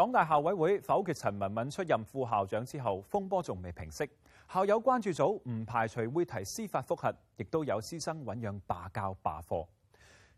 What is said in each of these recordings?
港大校委會否決陳文敏出任副校長之後，風波仲未平息，校友關注組唔排除會提司法複核，亦都有師生醞釀罷教罷課。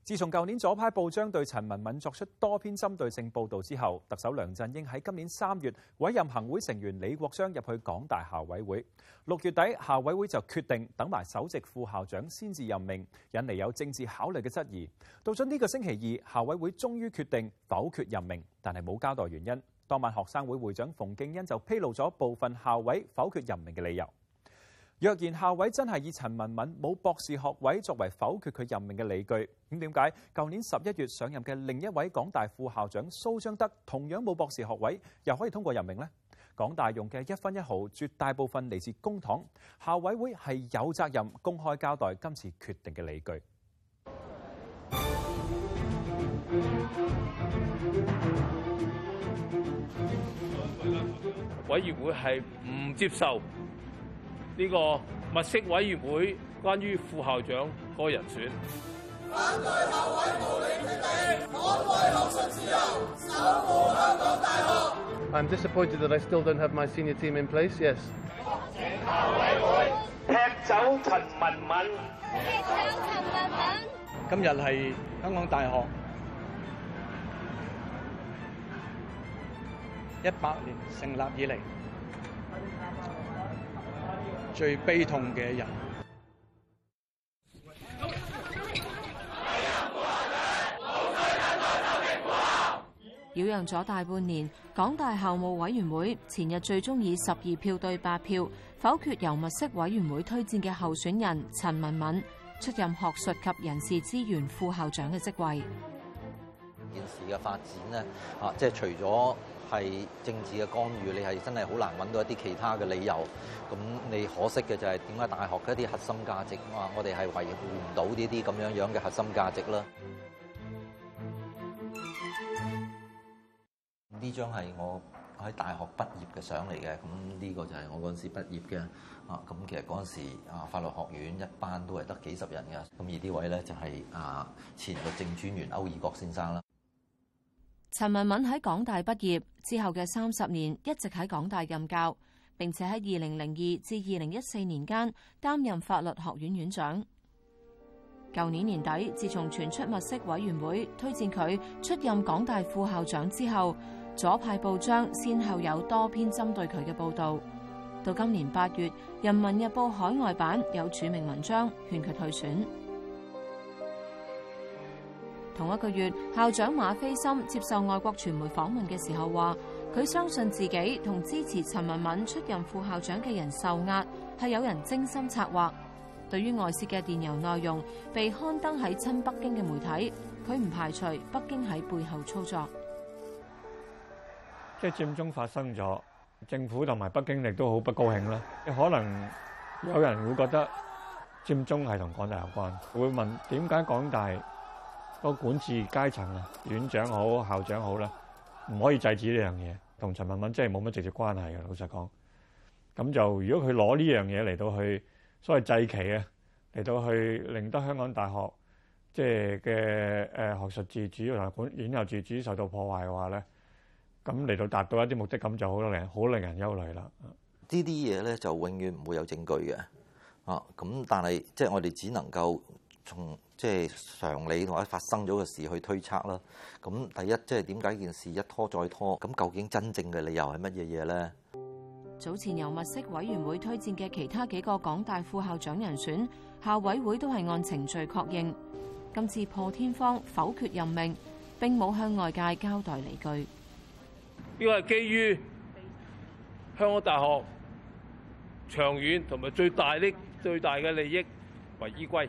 自從舊年左派報章對陳文敏作出多篇針對性報導之後，特首梁振英喺今年三月委任行會成員李國章入去港大校委會，六月底校委會就決定等埋首席副校長先至任命，引嚟有政治考慮嘅質疑。到咗呢個星期二，校委會終於決定否決任命，但係冇交代原因。當晚學生會會長馮敬恩就披露咗部分校委否決任命嘅理由。若然校委真係以陳文敏冇博士學位作為否決佢任命嘅理據，咁點解舊年十一月上任嘅另一位港大副校長蘇章德同樣冇博士學位，又可以通過任命咧？港大用嘅一分一毫，絕大部分嚟自公帑，校委會係有責任公開交代今次決定嘅理據。委員會係唔接受。呢個物色委員會關於副校長個人選。反對校委無理決定，捍衛學術自由，守護香港大學。I'm disappointed that I still don't have my senior team in place. Yes。請校委會踢走陳文敏。踢走陳文敏。今日係香港大學一百年成立以嚟。最悲痛嘅人。擾攘咗大半年，港大校務委員會前日最終以十二票對八票否決由物色委員會推薦嘅候選人陳文敏出任學術及人事資源副校長嘅職位。件事嘅發展呢，啊，即係除咗係政治嘅干預，你係真係好難揾到一啲其他嘅理由。咁你可惜嘅就係點解大學嘅一啲核心價值，我話我哋係維護唔到呢啲咁樣樣嘅核心價值啦。呢、嗯嗯、張係我喺大學畢業嘅相嚟嘅，咁呢個就係我嗰陣時畢業嘅。啊，咁其實嗰陣時啊，法律學院一班都係得幾十人㗎。咁而呢位咧就係啊，前律政專員歐爾國先生啦。陳文敏喺港大畢業之後嘅三十年一直喺港大任教，並且喺二零零二至二零一四年間擔任法律學院院長。舊年年底，自從傳出物色委員會推薦佢出任港大副校長之後，左派報章先後有多篇針對佢嘅報道。到今年八月，《人民日報》海外版有署名文章勸佢退選。同一個月，校長馬飛森接受外國傳媒訪問嘅時候話，佢相信自己同支持陳文敏出任副校長嘅人受壓，係有人精心策劃，對於外洩嘅電郵內容被刊登喺親北京嘅媒體，佢唔排除北京喺背後操作。即係佔中發生咗，政府同埋北京亦都好不高興啦。可能有人會覺得佔中係同港大有關，會問點解港大？個管治階層啊，院長好、校長好啦，唔可以制止呢樣嘢，同陳文敏真係冇乜直接關係嘅。老實講，咁就如果佢攞呢樣嘢嚟到去所謂祭旗啊，嚟到去令得香港大學即係嘅誒學術自主同埋管院校自主受到破壞嘅話咧，咁嚟到達到一啲目的咁就好，好令人憂慮啦。呢啲嘢咧就永遠唔會有證據嘅，啊，咁但係即係我哋只能夠。從即係常理，或者發生咗嘅事去推測啦。咁第一，即係點解件事一拖再拖？咁究竟真正嘅理由係乜嘢嘢咧？早前由物色委員會推薦嘅其他幾個港大副校長人選，校委會都係按程序確認。今次破天荒否決任命，並冇向外界交代理據。呢個係基於香港大學長遠同埋最大嘅、最大嘅利益為依歸。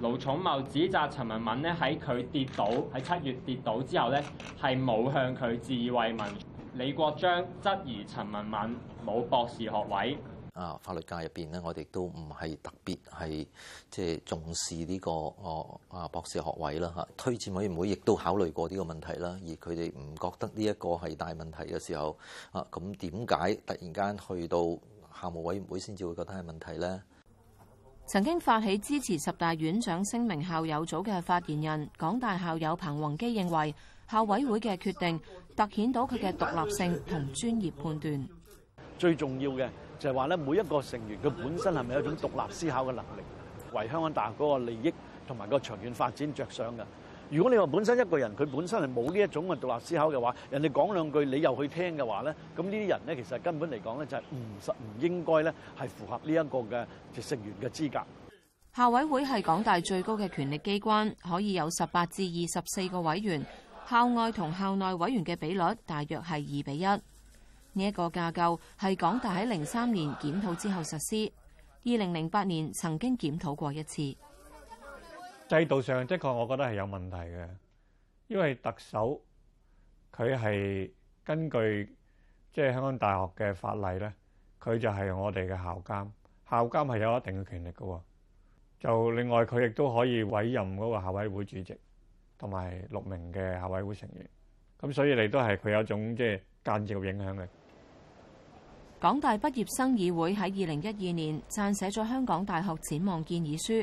盧寵茂指責陳文敏咧喺佢跌倒喺七月跌倒之後咧係冇向佢致慰問。李國章質疑陳文敏冇博、啊就是這個啊、博士學位。啊，法律界入邊咧，我哋都唔係特別係即係重視呢個哦啊博士學位啦嚇。推薦委員會亦都考慮過呢個問題啦，而佢哋唔覺得呢一個係大問題嘅時候啊，咁點解突然間去到校務委員會先至會，會覺得係問題咧？曾經發起支持十大院長聲明校友組嘅發言人、港大校友彭宏基認為，校委會嘅決定突顯到佢嘅獨立性同專業判斷。最重要嘅就係話咧，每一個成員佢本身係咪有一種獨立思考嘅能力，為香港大學嗰個利益同埋個長遠發展着想㗎。如果你話本身一個人佢本身係冇呢一種嘅獨立思考嘅話，人哋講兩句你又去聽嘅話咧，咁呢啲人咧其實根本嚟講咧就係唔實唔應該咧係符合呢一個嘅職員嘅資格。校委會係港大最高嘅權力機關，可以有十八至二十四個委員，校外同校內委員嘅比率大約係二比一。呢一個架構係港大喺零三年檢討之後實施，二零零八年曾經檢討過一次。制度上，的確我覺得係有問題嘅，因為特首佢係根據即係香港大學嘅法例咧，佢就係我哋嘅校監，校監係有一定嘅權力嘅喎。就另外佢亦都可以委任嗰個校委會主席同埋六名嘅校委會成員，咁所以你都係佢有一種即係間接嘅影響力。港大畢業生議會喺二零一二年撰寫咗《香港大學展望建議書》。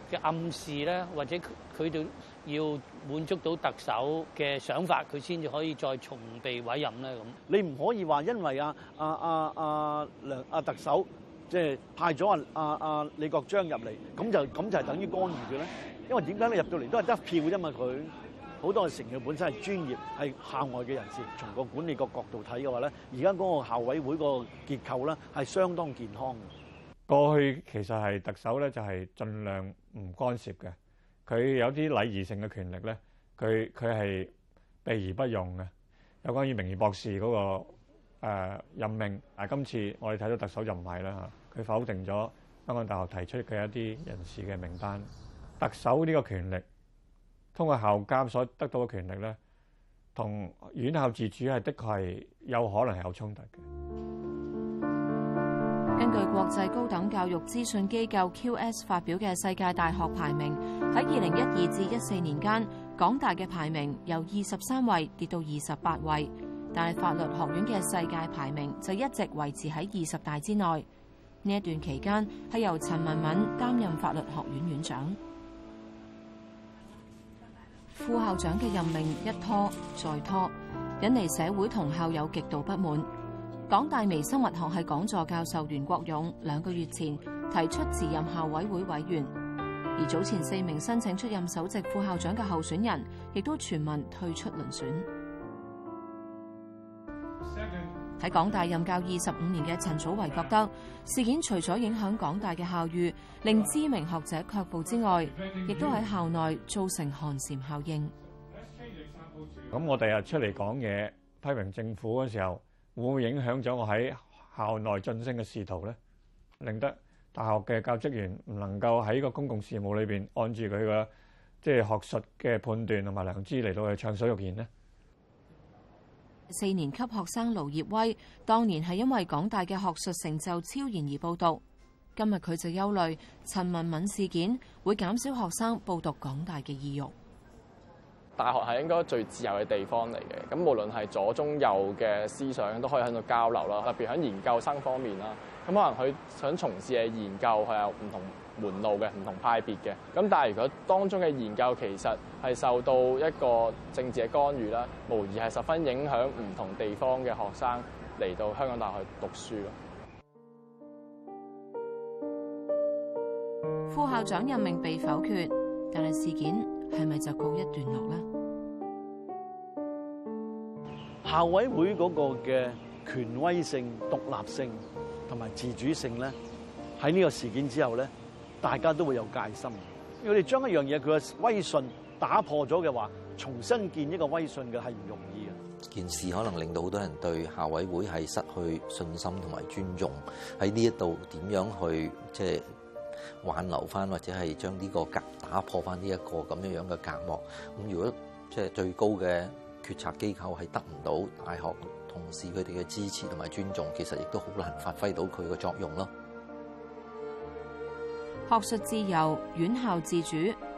嘅暗示咧，或者佢哋要滿足到特首嘅想法，佢先至可以再重被委任咧咁。你唔可以話因為啊啊啊啊梁啊特首即係派咗啊啊李國章入嚟，咁就咁就係等於干預嘅咧？因為點解你入到嚟都係得票啫嘛，佢好多嘅成員本身係專業係校外嘅人士，從個管理個角度睇嘅話咧，而家嗰個校委會個結構咧係相當健康嘅。過去其實係特首咧，就係盡量唔干涉嘅。佢有啲禮儀性嘅權力咧，佢佢係避而不用嘅。有關於名譽博士嗰、那個、呃、任命，但、啊、今次我哋睇到特首就唔係啦嚇，佢否定咗香港大學提出嘅一啲人士嘅名單。特首呢個權力，通過校監所得到嘅權力咧，同院校自主係的確係有可能係有衝突嘅。據國際高等教育資訊機構 QS 發表嘅世界大學排名，喺二零一二至一四年間，港大嘅排名由二十三位跌到二十八位，但係法律學院嘅世界排名就一直維持喺二十大之內。呢一段期間係由陳文敏擔任法律學院院長。副校長嘅任命一拖再拖，引嚟社會同校友極度不滿。港大微生物學系講座教授袁國勇兩個月前提出辭任校委會委員，而早前四名申請出任首席副校長嘅候選人，亦都傳聞退出遴選。喺港大任教二十五年嘅陳祖維覺得事件除咗影響港大嘅校譽，令知名學者卻步之外，亦都喺校內造成寒蟬效應。咁我第日出嚟講嘢批評政府嗰時候，會唔會影響咗我喺校內晉升嘅仕途呢？令得大學嘅教職員唔能夠喺個公共事務裏邊按住佢嘅即係學術嘅判斷同埋良知嚟到去暢所欲言呢？四年級學生盧業威當年係因為港大嘅學術成就超然而報讀，今日佢就憂慮陳文敏事件會減少學生報讀港大嘅意欲。大學係應該最自由嘅地方嚟嘅，咁無論係左、中、右嘅思想都可以喺度交流啦。特別喺研究生方面啦，咁可能佢想從事嘅研究係有唔同門路嘅，唔同派別嘅。咁但係如果當中嘅研究其實係受到一個政治嘅干預啦，無疑係十分影響唔同地方嘅學生嚟到香港大學去讀書咯。副校長任命被否決，但係事件係咪就告一段落咧？校委會嗰個嘅權威性、獨立性同埋自主性咧，喺呢個事件之後咧，大家都會有戒心。我哋將一樣嘢佢嘅威信打破咗嘅話，重新建一個威信嘅係唔容易嘅。件事可能令到好多人對校委會係失去信心同埋尊重。喺呢一度點樣去即係？就是挽留翻或者係將呢個格打破翻呢一個咁樣樣嘅隔膜。咁如果即係最高嘅決策機構係得唔到大學同事佢哋嘅支持同埋尊重，其實亦都好難發揮到佢嘅作用咯。學術自由、院校自主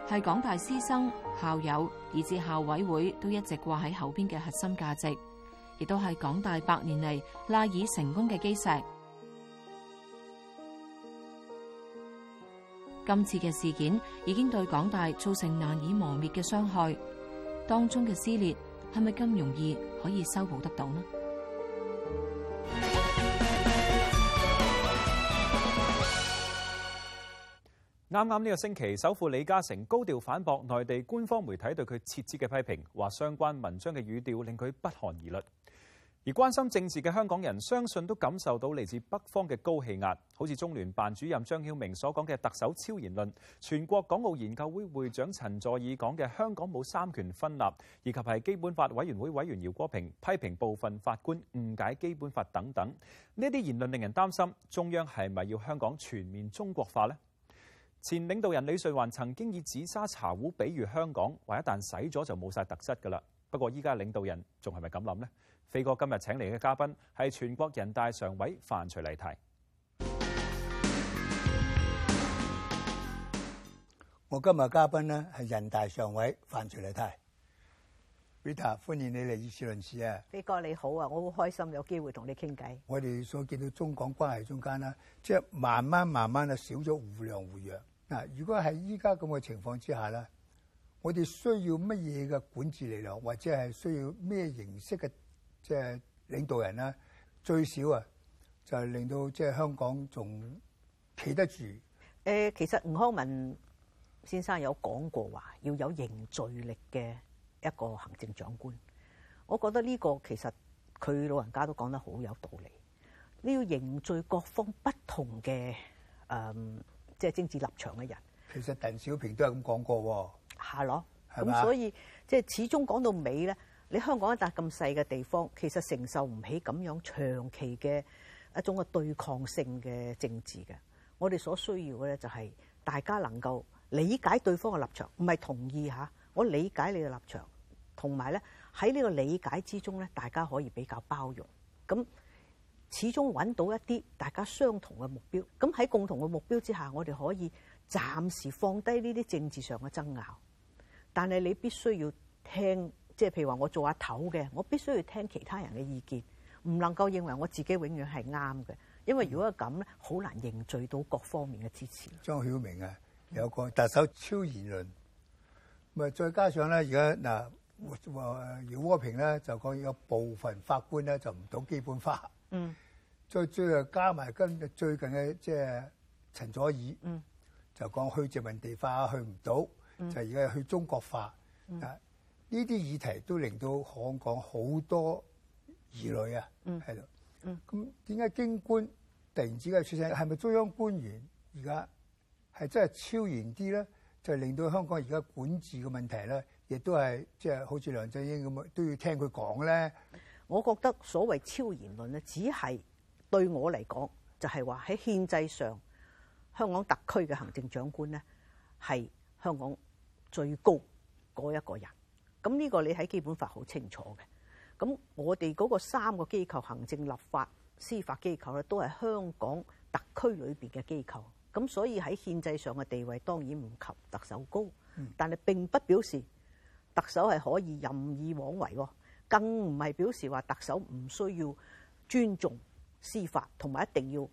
係港大師生、校友以至校委會都一直掛喺口邊嘅核心價值，亦都係港大百年嚟賴以成功嘅基石。今次嘅事件已經對港大造成難以磨滅嘅傷害，當中嘅撕裂係咪咁容易可以修補得到呢？啱啱呢個星期，首富李嘉誠高調反駁內地官方媒體對佢撤資嘅批評，話相關文章嘅語調令佢不寒而慄。而關心政治嘅香港人，相信都感受到嚟自北方嘅高氣壓，好似中聯辦主任張曉明所講嘅特首超言論，全國港澳研究會會長陳佐洱講嘅香港冇三權分立，以及係基本法委員會委員姚國平批評部分法官誤解基本法等等。呢啲言論令人擔心，中央係咪要香港全面中國化呢？前領導人李瑞環曾經以紫砂茶，茶壺比喻香港，話一旦洗咗就冇晒特質㗎喇。不過依家領導人仲係咪咁諗呢？飛哥今日請嚟嘅嘉賓係全國人大常委范徐，徐麗泰。我今日嘉賓呢，係人大常委范徐麗泰。Rita，歡迎你嚟議事論事啊！飛哥你好啊，我好開心有機會同你傾偈。我哋所見到中港關係中間啦，即係慢慢慢慢啊，少咗互諒互弱嗱。如果喺依家咁嘅情況之下咧，我哋需要乜嘢嘅管治力量，或者係需要咩形式嘅？即係領導人咧、啊，最少啊，就係、是、令到即係香港仲企得住。誒，其實吳康文先生有講過話，要有凝聚力嘅一個行政長官。我覺得呢個其實佢老人家都講得好有道理。你要凝聚各方不同嘅誒，即、嗯、係、就是、政治立場嘅人。其實鄧小平都係噉講過喎。係咯的，咁吧所以即係、就是、始終講到尾咧。你香港一笪咁細嘅地方，其實承受唔起咁樣長期嘅一種嘅對抗性嘅政治嘅。我哋所需要嘅咧，就係大家能夠理解對方嘅立場，唔係同意吓，我理解你嘅立場，同埋咧，喺呢個理解之中咧，大家可以比較包容，咁始終揾到一啲大家相同嘅目標，咁喺共同嘅目標之下，我哋可以暫時放低呢啲政治上嘅爭拗，但係你必須要聽。即係譬如話，我做阿頭嘅，我必須要聽其他人嘅意見，唔能夠認為我自己永遠係啱嘅，因為如果咁咧，好難凝聚到各方面嘅支持。張曉明啊，有個特首超言論，咪再加上咧，而家嗱，話饒戈平咧就講有部分法官咧就唔懂基本法。嗯。再再加埋跟最近嘅即係陳佐洱，嗯，就講去殖民地化去唔到，就而家去中國化啊。嗯。呢啲議題都令到香港好多疑慮啊！嗯，係咯的，嗯，咁點解京官突然之間出聲？係咪中央官員而家係真係超然啲咧？就令到香港而家管治嘅問題咧，亦都係即係好似梁振英咁都要聽佢講咧？我覺得所謂超言論咧，只係對我嚟講就係話喺憲制上，香港特區嘅行政長官咧，係香港最高嗰一個人。咁呢個你喺基本法好清楚嘅。咁我哋嗰個三個機構，行政、立法、司法機構咧，都係香港特區裏面嘅機構。咁所以喺憲制上嘅地位當然唔及特首高，但係並不表示特首係可以任意妄為的，更唔係表示話特首唔需要尊重司法同埋一定要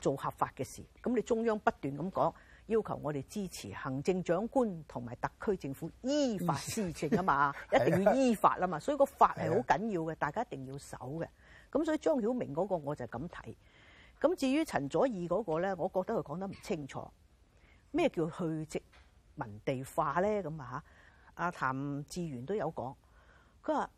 做合法嘅事。咁你中央不斷咁講。要求我哋支持行政長官同埋特區政府依法施政啊嘛， 一定要依法啊嘛，所以個法係好緊要嘅， 大家一定要守嘅。咁所以張曉明嗰個我就咁睇。咁至於陳佐洱嗰個咧，我覺得佢講得唔清楚咩叫去殖民地化咧？咁啊嚇，阿譚志源都有講，佢話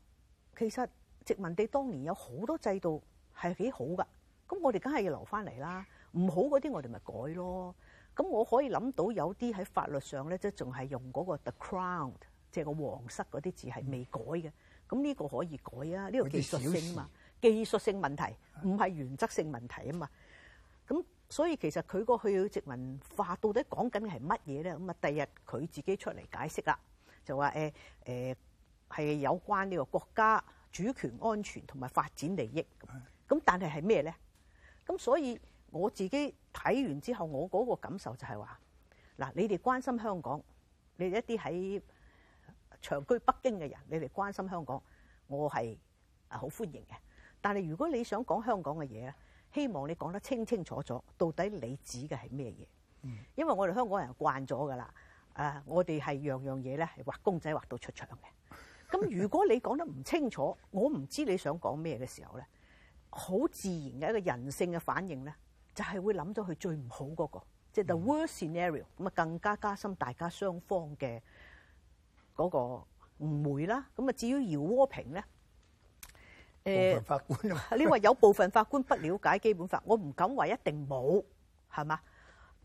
其實殖民地當年有好多制度係幾好噶，咁我哋梗係要留翻嚟啦。唔好嗰啲我哋咪改咯。咁我可以諗到有啲喺法律上咧，即係仲係用嗰個 the crown，即係個皇室嗰啲字係未改嘅。咁呢個可以改啊，呢個技術性啊嘛，技術性問題唔係原則性問題啊嘛。咁所以其實佢個去殖民化到底講緊係乜嘢咧？咁啊，第日佢自己出嚟解釋啦，就話誒誒係有關呢個國家主權安全同埋發展利益。咁但係係咩咧？咁所以我自己。睇完之後，我嗰個感受就係話：嗱，你哋關心香港，你一啲喺長居北京嘅人，你哋關心香港，我係啊好歡迎嘅。但係如果你想講香港嘅嘢咧，希望你講得清清楚楚，到底你指嘅係咩嘢？嗯、因為我哋香港人慣咗㗎啦，誒，我哋係樣樣嘢咧係畫公仔畫到出場嘅。咁如果你講得唔清楚，我唔知你想講咩嘅時候咧，好自然嘅一個人性嘅反應咧。就係會諗到佢最唔好嗰、那個，即係 the worst scenario 咁啊，更加加深大家雙方嘅嗰個誤會啦。咁啊，至於姚鍋平咧，誒，欸、 你話有部分法官不了解基本法，我唔敢話一定冇，係嘛？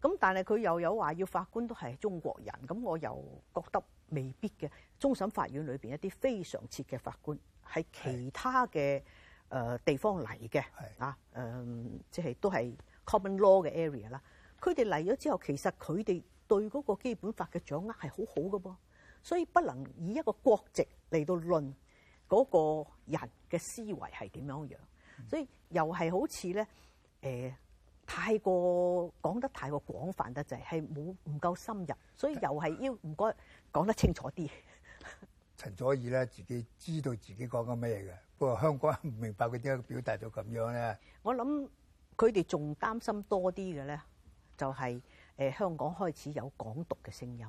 咁但係佢又有話要法官都係中國人，咁我又覺得未必嘅。終審法院裏邊一啲非常設嘅法官係其他嘅誒地方嚟嘅的啊，誒、嗯，即係都係。Common law 嘅 area 啦，佢哋嚟咗之後，其實佢哋對嗰個基本法嘅掌握係好好嘅噃，所以不能以一個國籍嚟到論嗰個人嘅思維係點樣樣，所以又係好似咧誒，太過講得太過廣泛得滯，係冇唔夠深入，所以又係要唔該講得清楚啲。陳佐洱咧，自己知道自己講緊咩嘢嘅，不過香港人唔明白佢點解表達到咁樣咧。我諗。佢哋仲擔心多啲嘅咧，就、呃、係香港開始有港獨嘅聲音，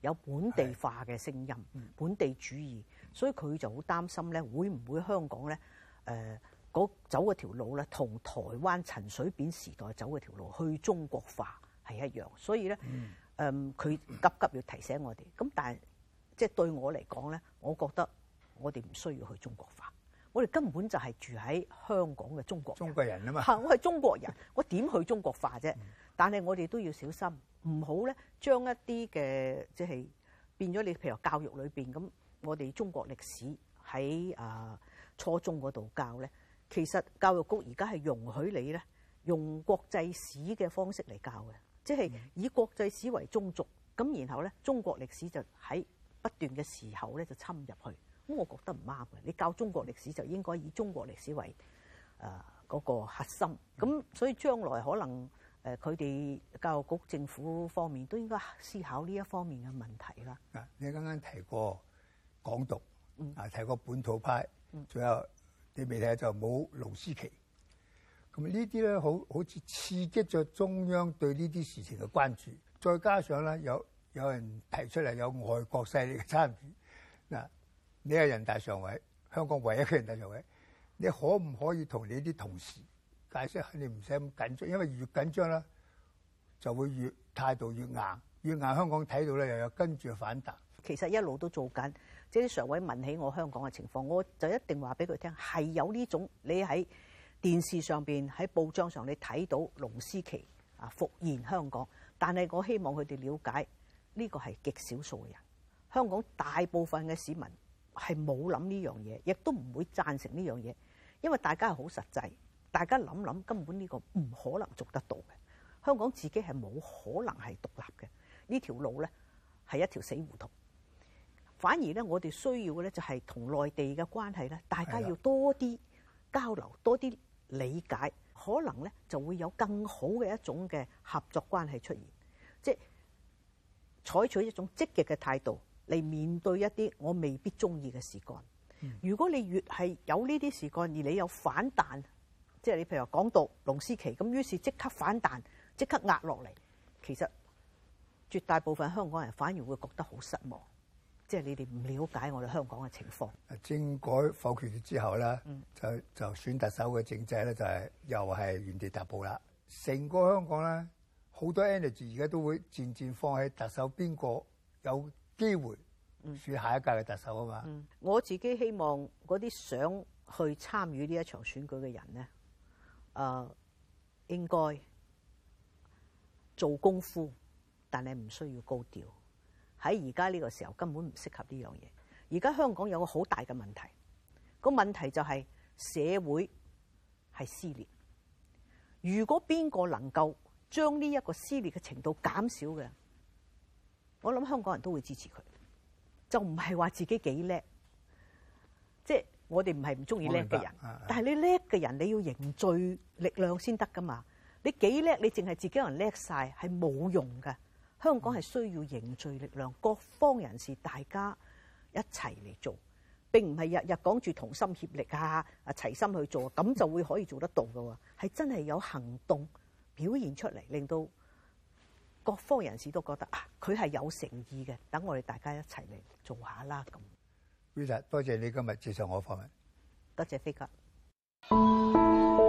有本地化嘅聲音，的本地主義，所以佢就好擔心咧，會唔會香港咧、呃、走嗰條路咧，同台灣陳水扁時代走嗰條路去中國化係一樣，所以咧佢、呃、急急要提醒我哋。咁但係即對我嚟講咧，我覺得我哋唔需要去中國化。我哋根本就係住喺香港嘅中國人，中國人啊嘛，我係中國人，我點去中國化啫？ 但係我哋都要小心，唔好咧將一啲嘅即係變咗你，譬如教育裏邊，咁，我哋中國歷史喺啊初中嗰度教咧，其實教育局而家係容許你咧用國際史嘅方式嚟教嘅，即係以國際史為宗族，咁然後咧中國歷史就喺不斷嘅時候咧就侵入去。咁我覺得唔啱嘅。你教中國歷史就應該以中國歷史為誒嗰、呃那個核心。咁所以將來可能誒佢哋教育局政府方面都應該思考呢一方面嘅問題啦。啊，你剛剛提過港獨，啊提過本土派，最後、嗯、仲有你未睇就冇勞斯奇。咁呢啲咧，好好似刺激咗中央對呢啲事情嘅關注。再加上咧，有有人提出嚟有外國勢力嘅參與嗱。啊你係人大常委，香港唯一嘅人大常委。你可唔可以同你啲同事解釋？你唔使咁緊張，因為越緊張啦，就會越態度越硬，越硬香港睇到咧又有跟住反彈，其實一路都做緊，即係啲常委問起我香港嘅情況，我就一定話俾佢聽，係有呢種，你喺電視上邊，喺報章上你睇到龍思琪啊復現香港，但係我希望佢哋了解呢個係極少數嘅人，香港大部分嘅市民。係冇諗呢樣嘢，亦都唔會贊成呢樣嘢，因為大家係好實際，大家諗諗根本呢個唔可能做得到嘅。香港自己係冇可能係獨立嘅，呢條路呢係一條死胡同。反而呢，我哋需要嘅呢就係同內地嘅關係呢，大家要多啲交流，多啲理解，可能呢就會有更好嘅一種嘅合作關係出現，即係採取一種積極嘅態度。嚟面對一啲我未必中意嘅事幹。如果你越係有呢啲事幹，而你有反彈，即係你譬如話港獨、龍獅旗，咁於是即刻反彈，即刻壓落嚟，其實絕大部分香港人反而會覺得好失望。即係你哋唔了解我哋香港嘅情況。政改否決之後咧，就、嗯、就選特首嘅政制咧，就係又係原地踏步啦。成個香港咧，好多 energy 而家都會漸漸放喺特首邊個有。機會選下一屆嘅特首啊嘛、嗯！我自己希望嗰啲想去參與呢一場選舉嘅人咧，誒、呃、應該做功夫，但係唔需要高調。喺而家呢個時候根本唔適合呢樣嘢。而家香港有個好大嘅問題，個問題就係社會係撕裂。如果邊個能夠將呢一個撕裂嘅程度減少嘅？我諗香港人都會支持佢，就唔係話自己幾叻，即係我哋唔係唔中意叻嘅人，但係你叻嘅人你要凝聚力量先得噶嘛。你幾叻你淨係自己人叻晒，係冇用㗎。香港係需要凝聚力量，各方人士大家一齊嚟做，並唔係日日講住同心協力啊、啊齊心去做啊，咁就會可以做得到㗎喎。係 真係有行動表現出嚟，令到。各方人士都覺得啊，佢係有誠意嘅，等我哋大家一齊嚟做下啦咁。Rita，多謝你今日接受我訪問，多謝飛哥。